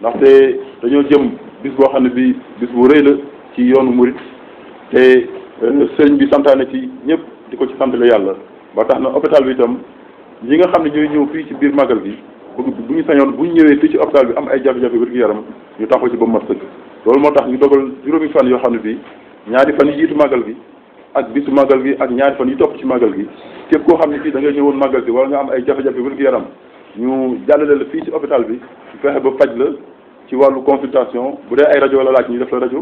ndaxte dañoo jëm bis boo xam ne bi bis bu rëy la ci yoonu murit te euh, sëriñ bi santaane ci ñëpp di ko ci santale yàlla ba tax na hôpital bi itam ñi nga xam ne ñooy ñëw fii ci biir màggal bi bëgg bu ñu sañoon bu ñu ñëwee fii ci hôpital bi am ay jafe-jafe wér-gu-yaram ñu taxaw ci ba mu mat sëkk loolu moo tax ñu dogal juróomi fan yoo xam ne bi ñaari fan yi jiitu màggal bi ak bisu màggal bi ak ñaari fan yi topp ci màggal gi képp koo xam ne fii da nga ñëwoon màggal gi wala am ay jafe jafe yaram ñu jàllale la fii ci hôpital bi fexe ba faj la ci wàllu consultation bu dee ay rajo la laaj ñu def la rajo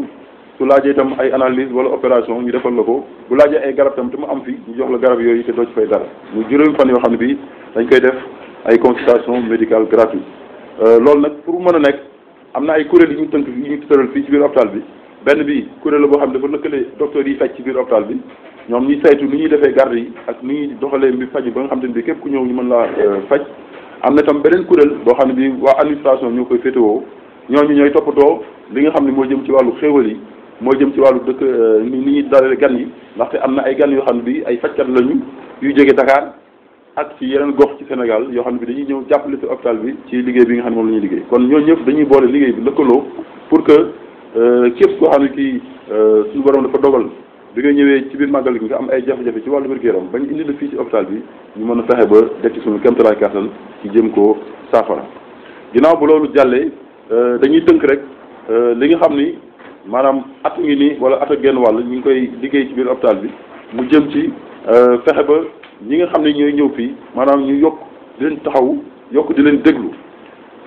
su laajee itam ay analyse wala opération ñu defal la ko bu laajee ay garab tam te mu am fi ñu jox la garab yooyu te doo ci fay dara mu juróomi fan yoo xam ne bii dañ koy def ay consultation médicale gratuite euh, loolu nag pour mën a nekk am na ay kuréel yu ñu tënk yu ñu tëral fii ci biir hôpital bi benn bi kuréel la boo xam ne dafa lëkkale docteur yi faj ci biir hôpital bi ñoom ñuy saytu ni ñuy defee garde yi ak ni ñuy doxalee mbir faj ba nga xam ne bi képp ku ñëw ñu mën laa euh, faj am na tam beneen kuréel boo xam ne bii waa administration ñoo koy féetewoo ñooñu ñooy toppatoo li nga xam ne moo jëm ci wàllu xéewal yi moo jëm ci wàllu dëkk euh, ni ñuy dalale gan yi ndaxte am na ay gan yoo xam ne bi ay fajkat lañu yu jege Dakar ak ci yeneen gox ci Sénégal yoo xam ne bi dañuy ñëw jàppale si hôpital bi ci liggéey bi nga xam ne moom la liggéey kon ñooñu ñëpp dañuy boole liggéey bi lëkkaloo pour que euh, képp koo xam ne kii euh, suñu borom dafa dogal bi nga ñëwee ci biir màggal gi nga am ay jafe-jafe ci wàllu wér-gu-yaram indi la fii ci hôpital bi ñu mën a fexe ba def ci suñu kéemtalaay kàttan ci jëm koo saafara ginnaaw bu Euh, dañuy tënk rek euh, li nga xam ni maanaam at ngi nii wala at a genn wàll ñu ngi koy liggéey ci biir hôpital bi mu jëm ci euh, fexe ba ñi nga xam ne ñooy ñëw fii maanaam ñu yokk di leen taxaw yokk di leen déglu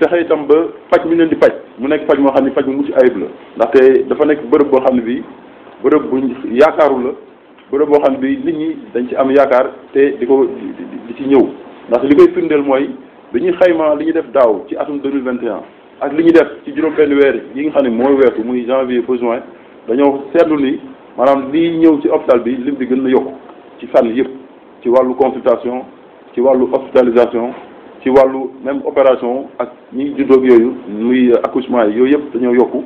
fexe itam ba faj mi leen di faj mu nekk faj moo xam ne faj mu ci ayib la ndaxte dafa nekk bërëb boo xam ne bii bërëb bu yaakaaru la bërëb boo xam ne bii nit ñi dañ ci am yaakaar te di ko di ci ñëw ndax li koy firndeel mooy dañuy xayma li ñuy def daaw ci atum deux mille vingt ak li ñu def ci juróom-benn weer yi nga xam ne mooy weetu muy janvier ba juin dañoo seetlu ni maanaam lii ñëw ci hôpital bi lim bi gën na yokk ci fànn yëpp ci wàllu consultation ci wàllu hospitalisation ci wàllu même opération ak ñi juddoog yooyu muy accouchement yooyu yëpp dañoo yokku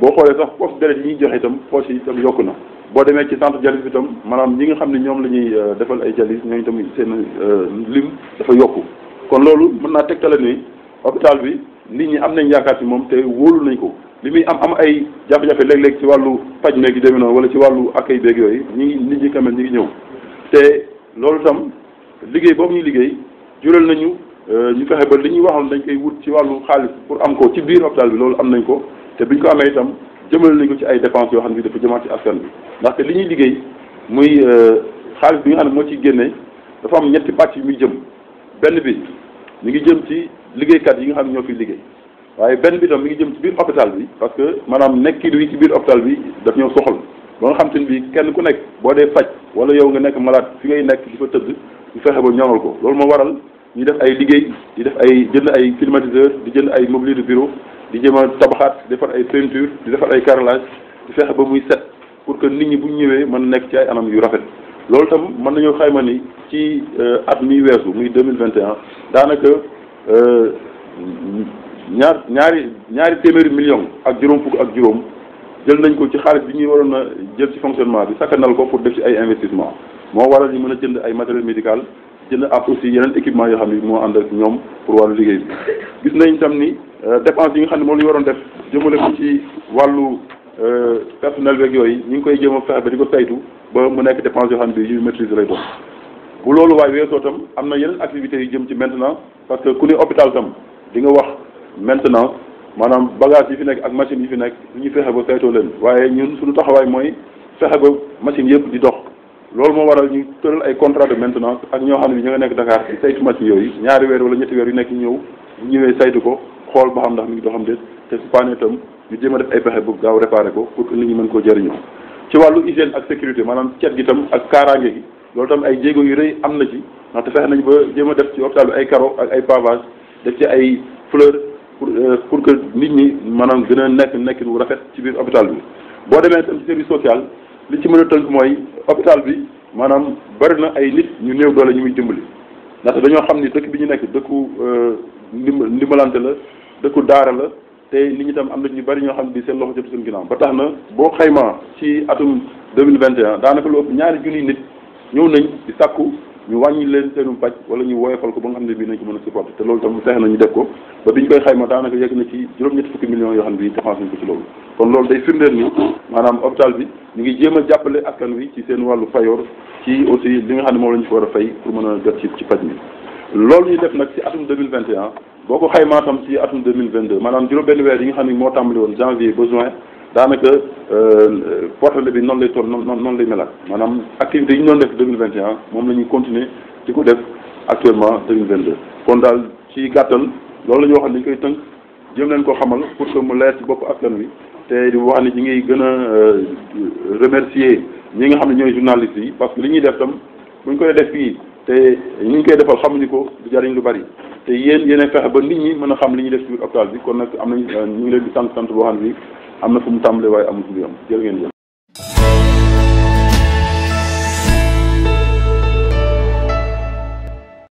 boo xoolee sax poche deret yi ñuy joxe itam poche yi tam yokku na boo demee ci centre dialyse bi itam maanaam ñi nga xam ne ñoom lañuy euh, defal ay dialyse ñooñu tamit seen euh, lim dafa yokku bi nit ñi am nañ yaakaar ci moom te wóolu nañ ko li muy am am ay jafe-jafe léeg-léeg ci wàllu paj meeg yu demee noonu wala ci wàllu ak accueil beeg yooyu ñi ngi nit ñi quand ñi ngi ñëw te loolu itam liggéey boobu ñuy liggéey jural nañu euh, ñu fexe ba li ñuy waxoon dañ koy wut ci wàllu xaalis pour am ko ci biir hôpital bi loolu am nañ ko te biñ ko amee itam jëmal nañ ko ci ay dépenses yoo xam ne dafa jëmaat ci askan bi ndaxte li ñuy liggéey muy euh, xaalis bi nga xam ne moo ciy génne dafa am ñetti pàcc yu muy jëm benn bi mi ngi jëm ci liggéeykat yi nga xam ne ñoo fi liggéey waaye benn bi tam mi ngi jëm ci biir hôpital bi parce que maanaam nekkin wi ci biir hôpital bi daf ñoo soxal ba nga xam te ne bii kenn ku nekk boo dee faj wala yow nga nekk malaat fi ngay nekk di fa tëdd ñu fexe ba ñoŋal ko loolu moo waral ñu def ay liggéey di def ay jënd ay climatiseur di jënd ay mobilier de bureau di jëm a tabaxaat di defar ay peinture di defar ay carrelage di fexe ba muy set pour que nit ñi bu ñëwee mën nekk ci ay anam yu rafet loolu tam mën nañu xayma ni ci euh, at mi weesu muy deux mille vingt et un daanaka euh, ñaar ñaari ñaari téeméeri million ak juróom fukk ak juróom jël nañ ko ci xaalis bi ñuy waroon a jël ci fonctionnement bi nal ko pour def ci ay investissement moo waral ñu mën a jënd ay matériel médical jënd ak aussi yeneen équipement yoo xam ni moo ànd ak ñoom pour wàllu liggéey bi gis nañ tam ni euh, dépense yi nga xam ne moom la ñu waroon def jëmale ko ci wàllu personnel beeg yooyu ñu ngi koy jéem a fexe di ko saytu ba mu nekk dépense yoo xam ne yu maîtrise lay doon bu loolu waaye weesoo tam am na yeneen activités yu jëm ci maintenance parce que ku ne hôpital tam di nga wax maintenance maanaam bagage yi fi nekk ak machine yi fi nekk su ñu fexe ba saytoo leen waaye ñun suñu taxawaay mooy fexe ba machine yëpp di dox loolu moo waral ñu tëral ay contrat de maintenance ak ñoo xam ne ñoo nekk Dakar ci saytu machine yooyu ñaari weer wala ñetti weer yu nekk ñëw bu ñëwee saytu ko xool ba xam ndax mi ngi doxam déet te su ñu jéem a ay pexe gaaw réparé ko pour que nit mën koo jëriñoo ci wàllu hygiène ak sécurité maanaam cet gi tam ak kaaraange gi loolu tam ay jéego yu rëy am na ci ndaxte fexe nañ ba jéem def ci hôpital bi ay carreaux ak ay pavage def ci ay fleurs pour euh, pour que nit ñi maanaam gën a nekk nekkin wu rafet ci biir hôpital bi. boo demee tam ci service social li ci mën a tënk mooy hôpital bi maanaam bari na ay nit ñu néew doole ñu muy li ndaxte dañoo xam ni dëkk bi ñu nekk dëkku euh, ndimbalante la dëkku daara la. te nit ñi tam am na ñu bari ñoo xam ne bi seen loxo jot suñu ginnaaw ba tax na boo xaymaa ci atum deux mille vingt et un daanaka lu ëpp ñaari junniy nit ñëw nañ di sàkku ñu wàññi leen seenum paj wala ñu woyofal ko ba nga xam ne bii nañ ko mën a supporté te loolu tam fexe na ñu def ko ba biñ koy xayma daanaka yegg na ci juróom-ñetti fukki millions yoo xam ne bi dépense nañ ko ci loolu kon loolu day firndeel ni maanaam hôpital bi ñu ngi jéem a jàppale askan wi ci seen wàllu fayoor ci aussi li nga xam ne moom la ñu fa war a fay mën a jot ci ci paj mi loolu ñu def nag ci atum deux mille vingt et boo ko xaymaa tam ci atum deux mille vingt deux maanaam juróom-benn weer yi nga xam ne moo tàmbali woon janvier ba juin daanaka euh, portale bi noonu lay toll noonu noonu lay melaat maanaam activité yi ñu def deux mille vingt et moom la ñuy continuer di ko def actuellement deux mille vingt deux kon daal ci gàttal loolu la ñu wax dañ koy tënk jëm leen ko xamal pour que mu leer ci bopp askan wi te di wax ni ñi ngi gën a euh, remercier ñi nga xam ne ñooy journalistes yi parce que li ñuy def tam bu koy def fii. te ñu ngi koy defal xamuñu ko du jariñ lu bari te yéen yéen a fexe ba nit ñi mën a xam li ñu def ci biir hôpital bi kon nag am nañu ñu ngi leen di sant sant boo xam ne am na fu mu tàmbalee waaye amul fu mu yem jërë ngeen jëf